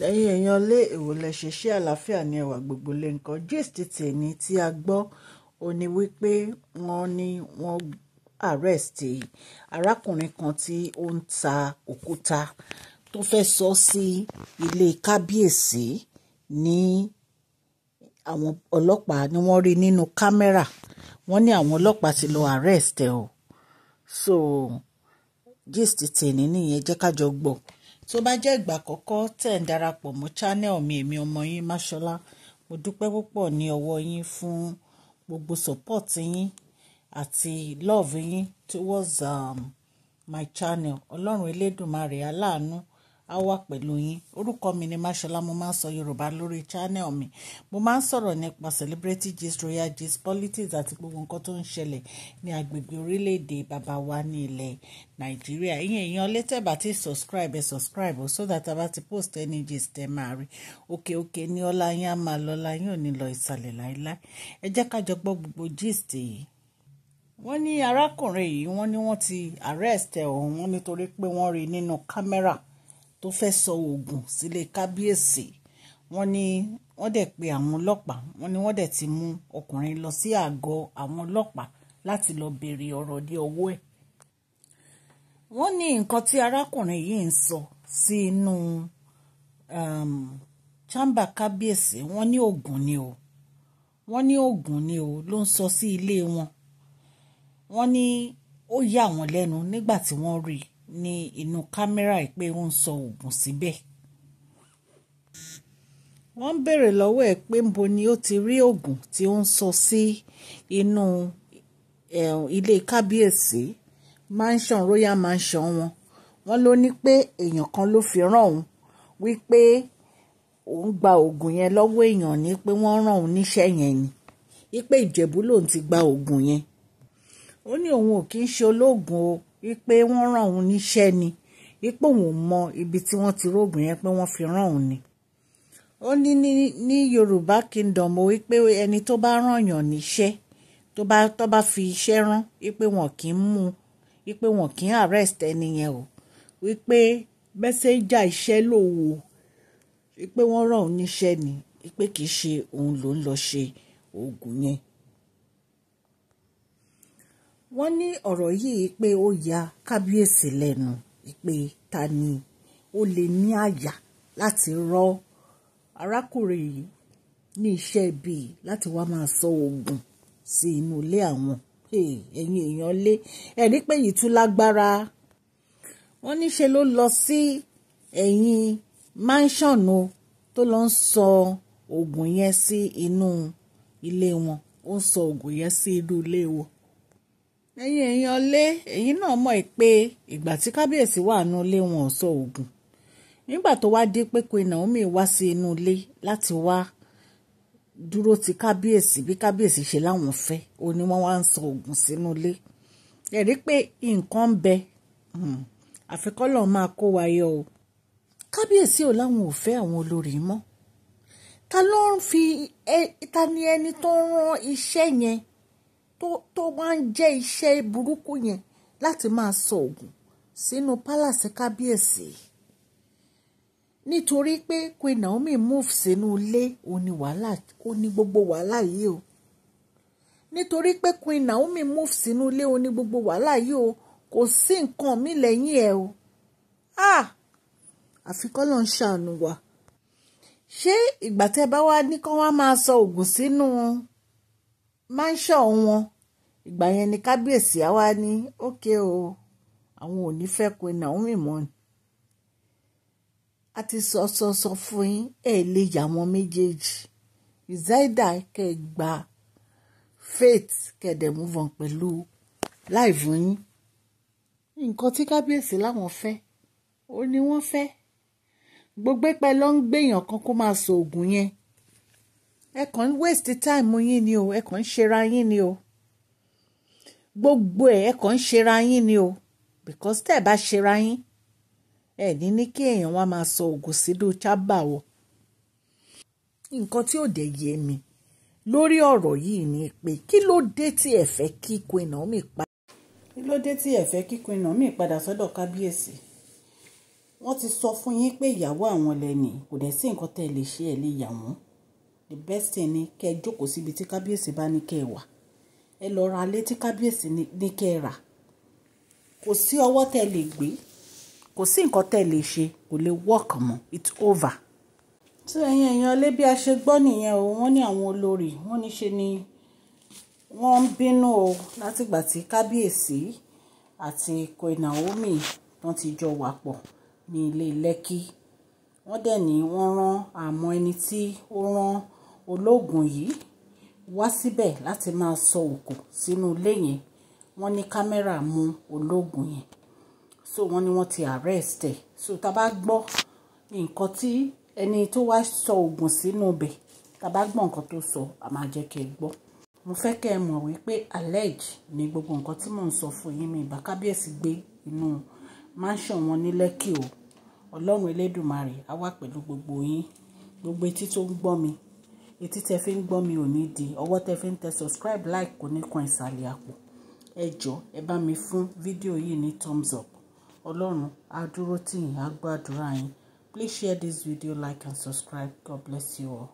lẹ́yìn èèyàn lé èwo lẹ ṣe ṣé àlàáfíà ni ẹwà gbogbo lè nǹkan gist tèmi tí a gbọ́ ó ní wípé wọ́n ní wọ́n arrest arákùnrin kan tí ó ń ta òkúta tó fẹ́ sọ sí ilé kábíyèsí ní àwọn ọlọ́pàá ni wọ́n rí nínú kámẹ́rà wọ́n ní àwọn ọlọ́pàá ti lọ arrest ẹ̀ o so gist tèmi nìyẹn jẹ́ ká jọ gbọ́ tó bá jẹ́ ìgbà àkọ́kọ́ tẹ̀ ń darapọ̀ mọ́ channel mi èmi ọmọ yín máṣọlá mo dúpẹ́ púpọ̀ ní ọwọ́ yín fún gbogbo support yín àti love yín towards um, my channel ọlọ́run elédùnmarè aláàánú á wà pẹ̀lú yín orúkọ mi ni Máṣọlá mo máa ń sọ Yorùbá lórí channel mi mo máa ń sọ̀rọ̀ nípa celebrity gist royal gist politics àti gbogbo nǹkan tó ń ṣẹlẹ̀ ní agbègbè orílẹ̀-èdè bàbá wa ní ilẹ̀ Nàìjíríà ìyẹn èèyàn létẹ̀ bá subscribe ẹ subscribe o so that a bá ti post any gist ẹ máa rí òkè òkè ní ọlá yín á máa lọ ọlá yín ò ní lọ ìsàlẹ̀ láéláé ẹ jẹ́ ká jọ gbọ́ gbogbo gist yìí wọ́n ní arákùnrin yìí wọ́n ní wọ́n ti arrest ẹ̀ ọ̀hún nítorí pé wọ́n rí i nínú kámẹ́rà tó fẹ́ sọ oògùn sílé kábíyèsí wọ́n ní wọ́n dẹ̀ pe àwọn ọlọ́pàá wọ́n ní wọ́n dẹ̀ ti mú ọkùnrin lọ sí àgọ́ àwọn ọlọ́pàá láti lọ béèrè ọ̀rọ̀ ní ọwọ́ ẹ̀ wọ́n ní nǹkan tí arákùnrin yìí ń sọ sí inú um, chamber kábíyèsí wọ́n ní oògùn ni o wọ́n ní oògùn ni o ló ń sọ sí ilé wọn wọ́n ní ó yà wọ́n lẹ́nu nígbà tí wọ́n rí i ní inú kámẹ́rà yìí pé wọ́n ń sọ oògùn síbẹ̀ wọ́n béèrè lọ́wọ́ ẹ̀ pé níbo ni ó ti rí oògùn tí ó ń sọ sí inú ilé kábíyèsí mansion royal mansion wọn wọ́n ló ní pé èèyàn kan ló fi rán òun wípé òun gba oògùn yẹn lọ́wọ́ èèyàn ní pé wọ́n rán òun níṣẹ́ yẹn ni wípé ìjẹ̀bú lòun ti gba oògùn yẹn ó ní òun ò kí ń ṣe olóògùn o wípé wọ́n ràn òun níṣẹ́ ni wípé òun ò mọ ibi tí wọ́n ti róògùn yẹn pé wọ́n fi ràn òun ni. ó ní ní Yorùbá kingdom o wípé ẹni tó bá rànyàn níṣẹ́ tó bá tó bá fi iṣẹ́ rán wípé wọn kì í mú wípé wọn kì í arrest ẹni yẹn o wípé mẹ́sẹ́njà iṣẹ́ lòwò wípé wọ́n ràn òun níṣẹ́ ni wípé kì í ṣe òun ló ń lọ ṣe oògùn yẹn wọ́n ní ọ̀rọ̀ yìí pé ó ya kábíyèsí lẹ́nu pé ta ni ó lè ní àyà láti rọ arákùnrin yìí ní iṣẹ́ ibi láti wá máa sọ oògùn sí inú ilé àwọn ẹ̀yin èèyàn lé ẹ̀rí pé yìí tún lágbára wọ́n níṣe ló lọ sí ẹ̀yìn máńṣọ̀nù tó lọ ń sọ oògùn yẹn sí inú ilé wọn ó ń sọ oògùn yẹn sí inú ilé wọn ẹ̀yin èèyàn lé ẹ̀yin náà mọ̀ pé ìgbà tí kábíyèsí wà nínú ilé wọn ò sọ ògùn nígbà tó wá dé pé Queen Naomi wá sí inú ilé láti wá dúró ti kábíyèsí bí kábíyèsí ṣe láwọn fẹ́ ó ní wọ́n wá ń sọ ògùn sínú ilé ẹ̀ pé nǹkan ń bẹ hmm, àfikọ́lọ̀ máa kó wa yọ o kábíyèsí ò láwọn ò fẹ́ àwọn olórí mọ́ ta ló ń fi ta ni ẹni tó ń rán iṣẹ́ yẹn tó máa ń jẹ́ iṣẹ́ burúkú yẹn láti máa sọ ògùn sínú pálàsì kábíyèsí nítorí pé queen Naomi move sínú ilé òní wàhálà òní gbogbo wàhálà yìí o nítorí pé queen Naomi move sínú ilé òní gbogbo wàhálà yìí o kò sí nǹkan mi lẹ́yìn ẹ̀ o ah! àfi kọ́lọ̀ ń ṣàánú wa ṣé ìgbà tẹ́ bá wá ní kán wá máa sọ ògùn sínú mansion wọn ìgbà yẹn ni kábíyèsí á wá ní ókè o àwọn ò fẹ́ pe Naomi mọ́ ni a ti sọ sọ sọ fún yín ẹ lè yà wọn méjèèjì ìzáìdà kẹ gba faith kẹdẹ move on pẹ̀lú láìvù yín nǹkan tí kábíyèsí láwọn fẹ́ ó ní wọ́n fẹ́ gbogbo ẹpẹ ló ń gbèyàn kan kó máa sọ oògùn yẹn ẹ kàn ń waste time yín ni o ẹ kàn ń ṣera yín ni o gbogbo ẹ̀ ẹ̀ kàn ń ṣera yín ni o because tẹ́ ẹ̀ bá ṣera yín ẹ̀ ní ní kí èèyàn wá máa sọ ògùn sídó chábà wọ. nǹkan tí ò dẹ̀ yé mi lórí ọ̀rọ̀ yìí ni pé kí ló dé tí ẹ fẹ́ kí Queen Naomi padà. kí ló dé tí ẹ fẹ́ kí Queen Naomi padà sọ́dọ̀ kábíyèsí wọ́n ti sọ fún yín pé ìyàwó àwọn lẹ́nì kò dẹ̀ sí nǹkan tẹ́ ẹ lè ṣe ẹ lè yà wọ́n the best thing ni kẹ́ ẹ jókòó síbi tí kábíyèsí bá ní kẹ́ ẹ wà ẹ lọ ra létí kábíyèsí ní kẹ́ ẹ rà kò sí ọwọ́ tẹ́ lè gbé kò sí nǹkan tẹ́ lè ṣe kò lè work mọ́ it's over. tí ẹ̀yin èèyàn lé bí a ṣe gbọ́ nìyẹn o wọ́n ní àwọn olórí wọ́n ní ṣe ni wọ́n ń bínú o látìgbà tí kábíyèsí àti Queen Naomi wọ́n ti jọ wà pọ̀ ní ilé Lẹ́kì wọ́n dẹ̀ ní wọ́n rán àmọ́ ẹni tí ó rán olóògùn yìí wá síbẹ̀ láti máa sọ òkò sínú ilé yẹn wọ́n ní kámẹ́rà mú ológun yẹn so wọ́n ní wọ́n ti arrest ẹ̀ so tá a bá gbọ́ nǹkan tí ẹni tó wá sọ ògùn sínú ibẹ̀ tá a bá gbọ́ nǹkan tó sọ a máa jẹ́ kẹ́ ẹ gbọ́ mo fẹ́ kẹ́ ẹ mọ̀ wípé allege ni gbogbo nǹkan tí mò ń sọ fún yín mi ìbá kábíyèsí gbé inú mansion wọn ní lẹ́kì o ọlọ́run elédùmarè á wà pẹ̀lú gbogbo yín gbogbo etí tó ń gbọ́ mi etí tẹ fi ń gbọ́ mi ò ní di ọwọ́ tẹ fi ń tẹ subscribe like kò ní kan ìsàlẹ̀ àpò ẹ jọ ẹ bá mi fún fídíò yìí ní thumbs up ọlọ́run á dúró tì yín á gbàdúrà yín please share this video like and subscribe god bless you all.